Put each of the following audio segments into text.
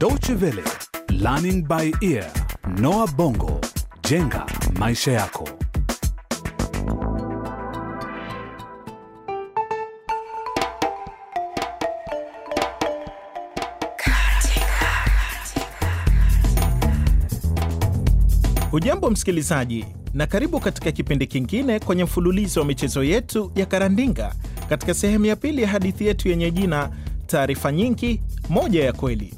Deutsche Welle, Learning by Ear, Noah Bongo, Jenga Maisha Yako. Hujambo msikilizaji, na karibu katika kipindi kingine kwenye mfululizo wa michezo yetu ya karandinga, katika sehemu ya pili ya hadithi yetu yenye jina taarifa nyingi, moja ya kweli.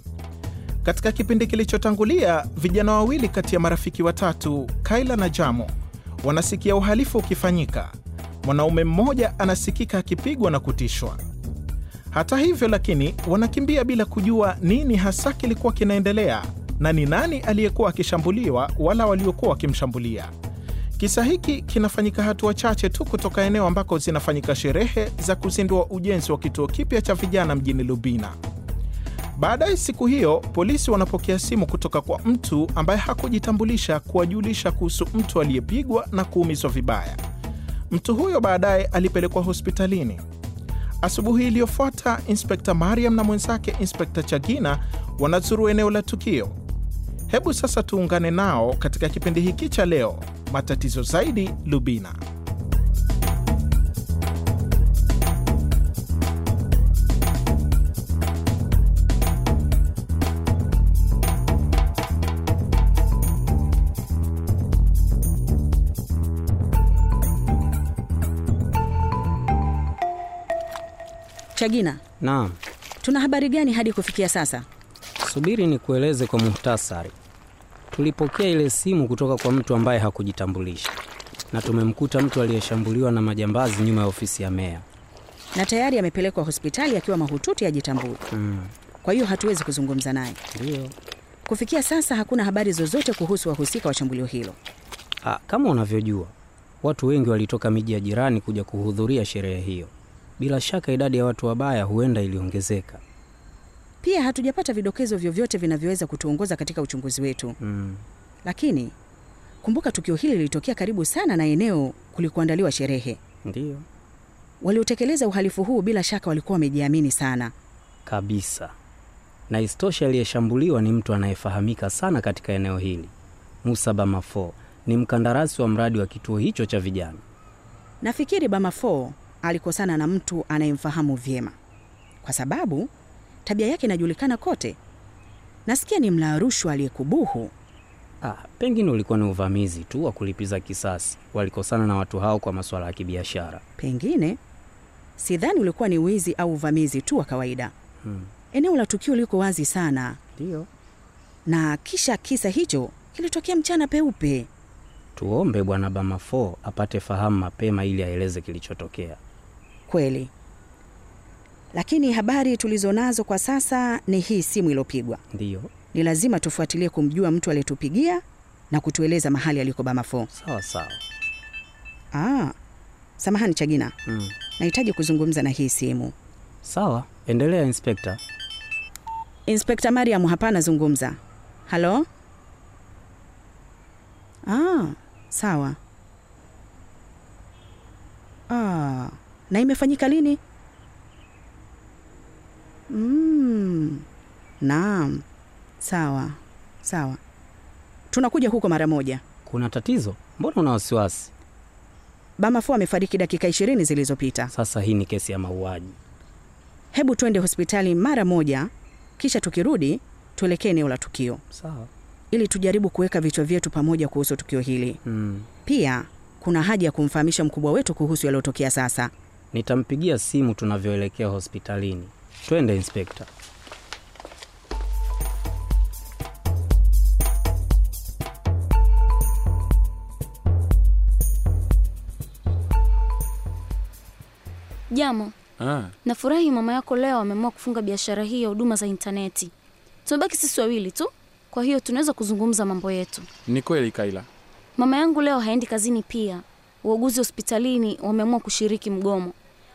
Katika kipindi kilichotangulia, vijana wawili kati ya marafiki watatu, Kaila na Jamo, wanasikia uhalifu ukifanyika. Mwanaume mmoja anasikika akipigwa na kutishwa. Hata hivyo lakini, wanakimbia bila kujua nini hasa kilikuwa kinaendelea na ni nani aliyekuwa akishambuliwa wala waliokuwa wakimshambulia. Kisa hiki kinafanyika hatua chache tu kutoka eneo ambako zinafanyika sherehe za kuzindua ujenzi wa kituo kipya cha vijana mjini Lubina. Baadaye siku hiyo polisi wanapokea simu kutoka kwa mtu ambaye hakujitambulisha kuwajulisha kuhusu mtu aliyepigwa na kuumizwa vibaya. Mtu huyo baadaye alipelekwa hospitalini. Asubuhi iliyofuata, Inspekta Mariam na mwenzake Inspekta Chagina wanazuru eneo la tukio. Hebu sasa tuungane nao katika kipindi hiki cha leo, matatizo zaidi Lubina. Chagina. Naam. Tuna habari gani hadi kufikia sasa? Subiri nikueleze kwa muhtasari. Tulipokea ile simu kutoka kwa mtu ambaye hakujitambulisha na tumemkuta mtu aliyeshambuliwa na majambazi nyuma ya ofisi ya meya, na tayari amepelekwa hospitali akiwa mahututi, ajitambue. Mm. Kwa hiyo hatuwezi kuzungumza naye. Ndio. Kufikia sasa hakuna habari zozote kuhusu wahusika wa shambulio hilo. Ha, ah, kama unavyojua watu wengi walitoka miji ya jirani kuja kuhudhuria sherehe hiyo. Bila shaka idadi ya watu wabaya huenda iliongezeka. Pia hatujapata vidokezo vyovyote vinavyoweza kutuongoza katika uchunguzi wetu mm. Lakini kumbuka tukio hili lilitokea karibu sana na eneo kulikuandaliwa sherehe. ndio waliotekeleza uhalifu huu bila shaka walikuwa wamejiamini sana kabisa, na istoshi aliyeshambuliwa ni mtu anayefahamika sana katika eneo hili. Musa Bamafo ni mkandarasi wa mradi wa kituo hicho cha vijana. Nafikiri Bamafo alikosana na mtu anayemfahamu vyema, kwa sababu tabia yake inajulikana kote. Nasikia ni mla rushwa aliyekubuhu. Ah, pengine ulikuwa ni uvamizi tu wa kulipiza kisasi. Walikosana na watu hao kwa masuala ya kibiashara. Pengine sidhani ulikuwa ni wizi au uvamizi tu wa kawaida. Hmm. Eneo la tukio liko wazi sana. Ndio. Na kisha kisa hicho kilitokea mchana peupe. Tuombe Bwana Bamafo apate fahamu mapema ili aeleze kilichotokea kweli, lakini habari tulizonazo kwa sasa ni hii simu iliyopigwa. Ndio, ni lazima tufuatilie kumjua mtu aliyetupigia na kutueleza mahali aliko Bamafo. Sawa sawa. Ah, samahani Chagina, mm. nahitaji kuzungumza na hii simu. Sawa, endelea inspekta. Inspekta Mariam hapa anazungumza. Halo? Ah, sawa. Ah na imefanyika lini? Mm, naam, sawa sawa, tunakuja huko mara moja. Kuna tatizo? Mbona una wasiwasi? bamafu amefariki dakika ishirini zilizopita. Sasa hii ni kesi ya mauaji. Hebu twende hospitali mara moja, kisha tukirudi tuelekee eneo la tukio, sawa, ili tujaribu kuweka vichwa vyetu pamoja kuhusu tukio hili mm. Pia kuna haja ya kumfahamisha mkubwa wetu kuhusu yaliyotokea sasa. Nitampigia simu tunavyoelekea hospitalini. Twende inspekta. Jamo. Ah. Nafurahi mama yako leo ameamua kufunga biashara hii ya huduma za intaneti. Tumebaki sisi wawili tu, kwa hiyo tunaweza kuzungumza mambo yetu. Ni kweli Kaila, mama yangu leo haendi kazini pia. Wauguzi hospitalini wameamua kushiriki mgomo,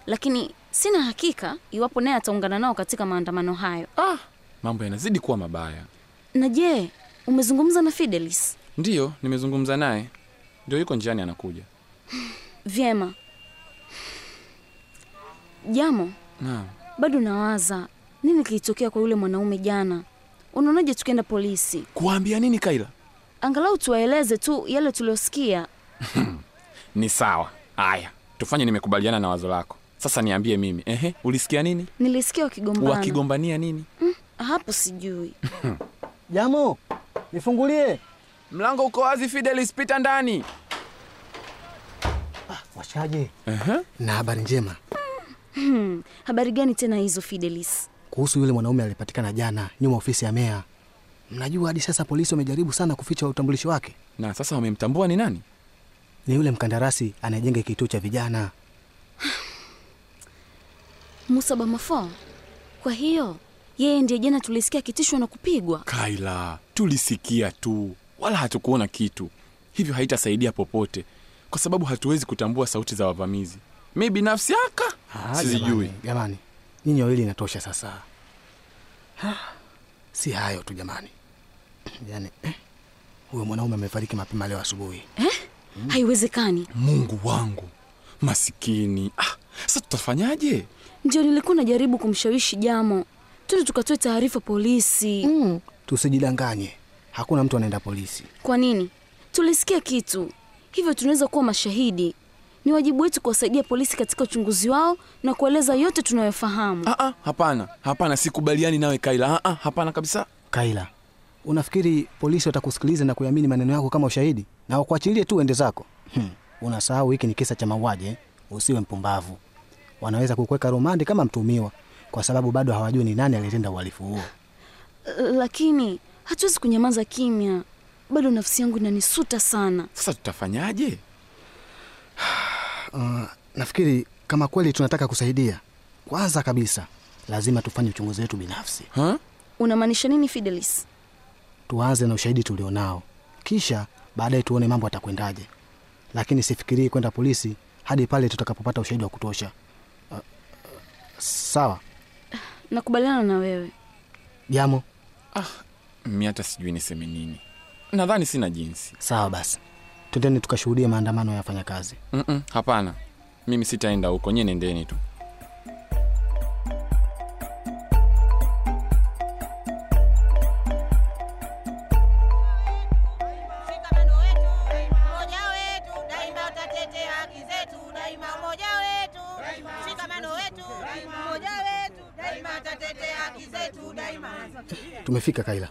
lakini sina hakika iwapo naye ataungana nao katika maandamano hayo. Ah, mambo yanazidi kuwa mabaya. Na je, umezungumza na Fidelis? Ndiyo, nimezungumza naye, ndio yuko njiani anakuja. Vyema. Jamo, na. bado nawaza nini kilitokea kwa yule mwanaume jana. Unaonaje tukienda polisi? Kuambia nini Kaila? Angalau tuwaeleze tu yale tuliyosikia. Ni sawa. Aya, tufanye. Nimekubaliana na wazo lako. Sasa niambie mimi, ehe, ulisikia nini? Nilisikia wakigombana. Wakigombania nini? Mm, hapo sijui. Jamo, nifungulie mlango, uko wazi. Fidelis, pita ndani. Ah, washaje? Na habari njema. Hmm, habari gani tena hizo Fidelis? Kuhusu yule mwanaume alipatikana jana nyuma ofisi ya mea Mnajua hadi sasa polisi wamejaribu sana kuficha utambulisho wake, na sasa wamemtambua ni nani. Ni yule mkandarasi anayejenga kituo cha vijana Musa Bamafo. Kwa hiyo yeye ndiye jana tulisikia kitishwa na kupigwa? Kaila, tulisikia tu, wala hatukuona kitu, hivyo haitasaidia popote kwa sababu hatuwezi kutambua sauti za wavamizi. Mi binafsi aka ah, sijui. Jamani, nyinyi wawili inatosha sasa. Ha, si hayo tu jamani, yani eh, huyo mwanaume amefariki mapema leo asubuhi eh? Hmm. Haiwezekani! Mungu wangu, masikini ah. Sasa tutafanyaje? Ndio nilikuwa najaribu kumshawishi Jamo tuje tukatoe taarifa polisi. Mm, tusijidanganye, hakuna mtu anaenda polisi. Kwa nini? Tulisikia kitu hivyo, tunaweza kuwa mashahidi. Ni wajibu wetu kuwasaidia polisi katika uchunguzi wao na kueleza yote tunayofahamu. Ah, ah, hapana hapana, sikubaliani nawe Kaila. ha-ha, ah, hapana kabisa. Kaila, unafikiri polisi watakusikiliza na kuyamini maneno yako kama ushahidi na wakuachilie tu ende zako? Hmm, unasahau hiki ni kisa cha mauaji eh? Usiwe mpumbavu wanaweza kukuweka rumandi kama mtumiwa, kwa sababu bado hawajui ni nani aliyetenda uhalifu huo. Lakini hatuwezi kunyamaza kimya, bado nafsi yangu inanisuta sana. Sasa tutafanyaje? Uh, nafikiri kama kweli tunataka kusaidia, kwanza kabisa lazima tufanye uchunguzi wetu binafsi. Unamaanisha nini Fidelis? Tuanze na ushahidi tulionao, kisha baadaye tuone mambo atakwendaje, lakini sifikirii kwenda polisi hadi pale tutakapopata ushahidi wa kutosha. Sawa, nakubaliana na wewe Jamo. Ah, mi hata sijui niseme nini, nadhani sina jinsi. Sawa basi, tuendeni tukashuhudia maandamano ya wafanyakazi. Mm -mm, hapana, mimi sitaenda huko, nyie nendeni tu. Tumefika Kaila,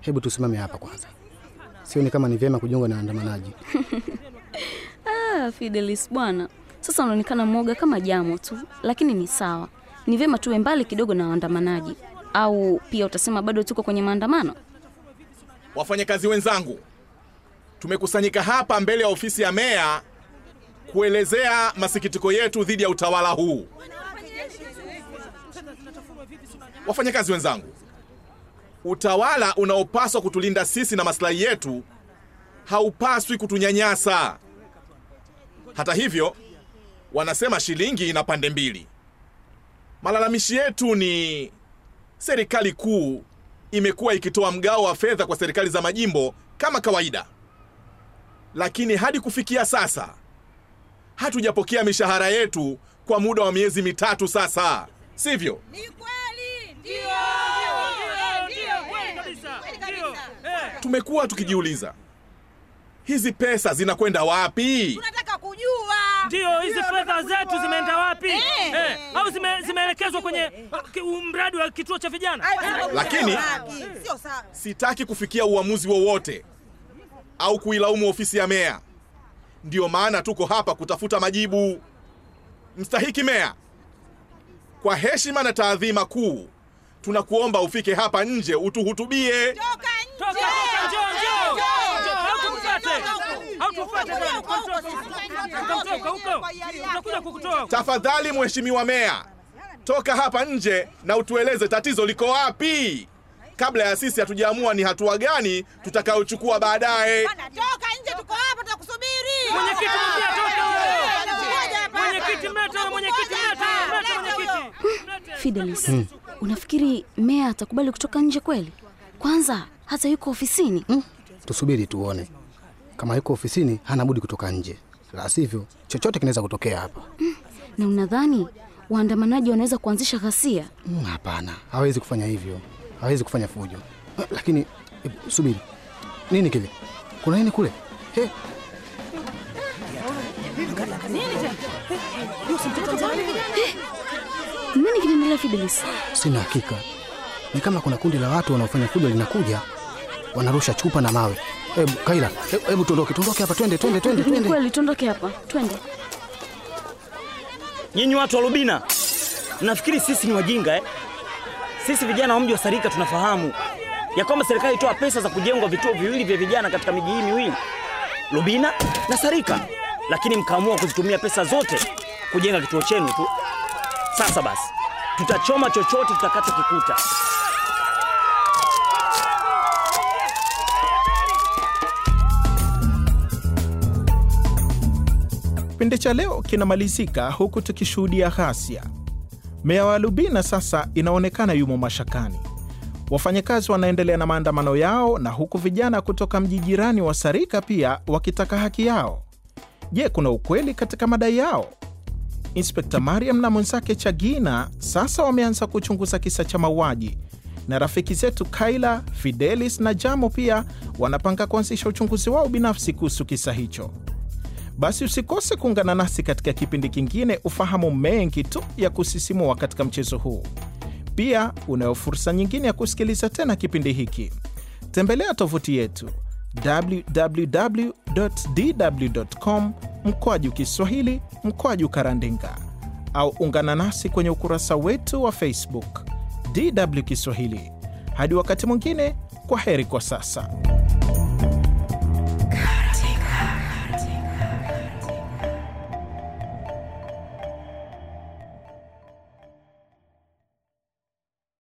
hebu tusimame hapa kwanza. Sioni kama ni vyema kujiunga na waandamanaji. Ah, Fidelis bwana, sasa unaonekana mwoga kama jamo tu, lakini ni sawa. Ni vyema tuwe mbali kidogo na waandamanaji, au pia utasema bado tuko kwenye maandamano. Wafanyakazi wenzangu, tumekusanyika hapa mbele ya ofisi ya meya kuelezea masikitiko yetu dhidi ya utawala huu. Wafanyakazi wenzangu, Utawala unaopaswa kutulinda sisi na masilahi yetu haupaswi kutunyanyasa. Hata hivyo, wanasema shilingi ina pande mbili. Malalamishi yetu ni serikali kuu imekuwa ikitoa mgao wa fedha kwa serikali za majimbo kama kawaida, lakini hadi kufikia sasa hatujapokea mishahara yetu kwa muda wa miezi mitatu sasa, sivyo? Tumekuwa tukijiuliza hizi pesa zinakwenda wapi? Tunataka kujua. Ndio, hizi fedha zetu zimeenda wapi? Eh, eh, au zime, zimeelekezwa kwenye mradi wa kituo cha vijana? Lakini sio sawa. Eh. Sitaki kufikia uamuzi wowote au kuilaumu ofisi ya meya. Ndiyo maana tuko hapa kutafuta majibu. Mstahiki meya, kwa heshima na taadhima kuu, tunakuomba ufike hapa nje utuhutubie. Toka nje. Toka. Tafadhali mheshimiwa meya, toka hapa nje na utueleze tatizo liko wapi, kabla ya sisi hatujaamua ni hatua gani tutakayochukua baadaye. Toka nje, tuko hapa Mwenyekiti, toka? Mwenyekiti, mleta mwenyekiti, mleta mwenyekiti. Fidelis, unafikiri meya atakubali kutoka nje kweli? Kwanza hata yuko ofisini. Hmm? Tusubiri tuone, kama yuko ofisini hana budi kutoka nje la sivyo chochote kinaweza kutokea hapa. Mm, na unadhani waandamanaji wanaweza kuanzisha ghasia? Hmm, hapana, mm, hawezi kufanya hivyo, hawezi kufanya fujo. Hmm, lakini subiri, nini kile? Kuna nini kule? Nini kinaendelea Fidelis? Sina hakika, ni kama kuna kundi la watu wanaofanya fujo linakuja, wanarusha chupa na mawe Hebu Kaila, hebu tuondoke, tondoke hapa, twende, twende, twende, twende. Kweli tondoke hapa, twende. Nyinyi watu wa Lubina, nafikiri sisi ni wajinga eh? Sisi vijana wa mji wa Sarika tunafahamu ya kwamba serikali itoa pesa za kujengwa vituo viwili vya vijana katika miji hii miwili, Lubina na Sarika, lakini mkaamua kuzitumia pesa zote kujenga kituo chenu tu. Sasa basi, tutachoma chochote kikuta Kipindi cha leo kinamalizika huku tukishuhudia ghasia. Meya wa Lubina sasa inaonekana yumo mashakani. Wafanyakazi wanaendelea na maandamano yao, na huku vijana kutoka mji jirani wa Sarika pia wakitaka haki yao. Je, kuna ukweli katika madai yao? Inspekta Mariam na mwenzake Chagina sasa wameanza kuchunguza kisa cha mauaji, na rafiki zetu Kaila, Fidelis na Jamo pia wanapanga kuanzisha uchunguzi wao binafsi kuhusu kisa hicho basi usikose kuungana nasi katika kipindi kingine ufahamu mengi tu ya kusisimua katika mchezo huu. Pia unayo fursa nyingine ya kusikiliza tena kipindi hiki. Tembelea tovuti yetu www.dw.com mkwaju Kiswahili mkwaju Karandinga, au ungana nasi kwenye ukurasa wetu wa Facebook DW Kiswahili. Hadi wakati mwingine, kwa heri kwa sasa.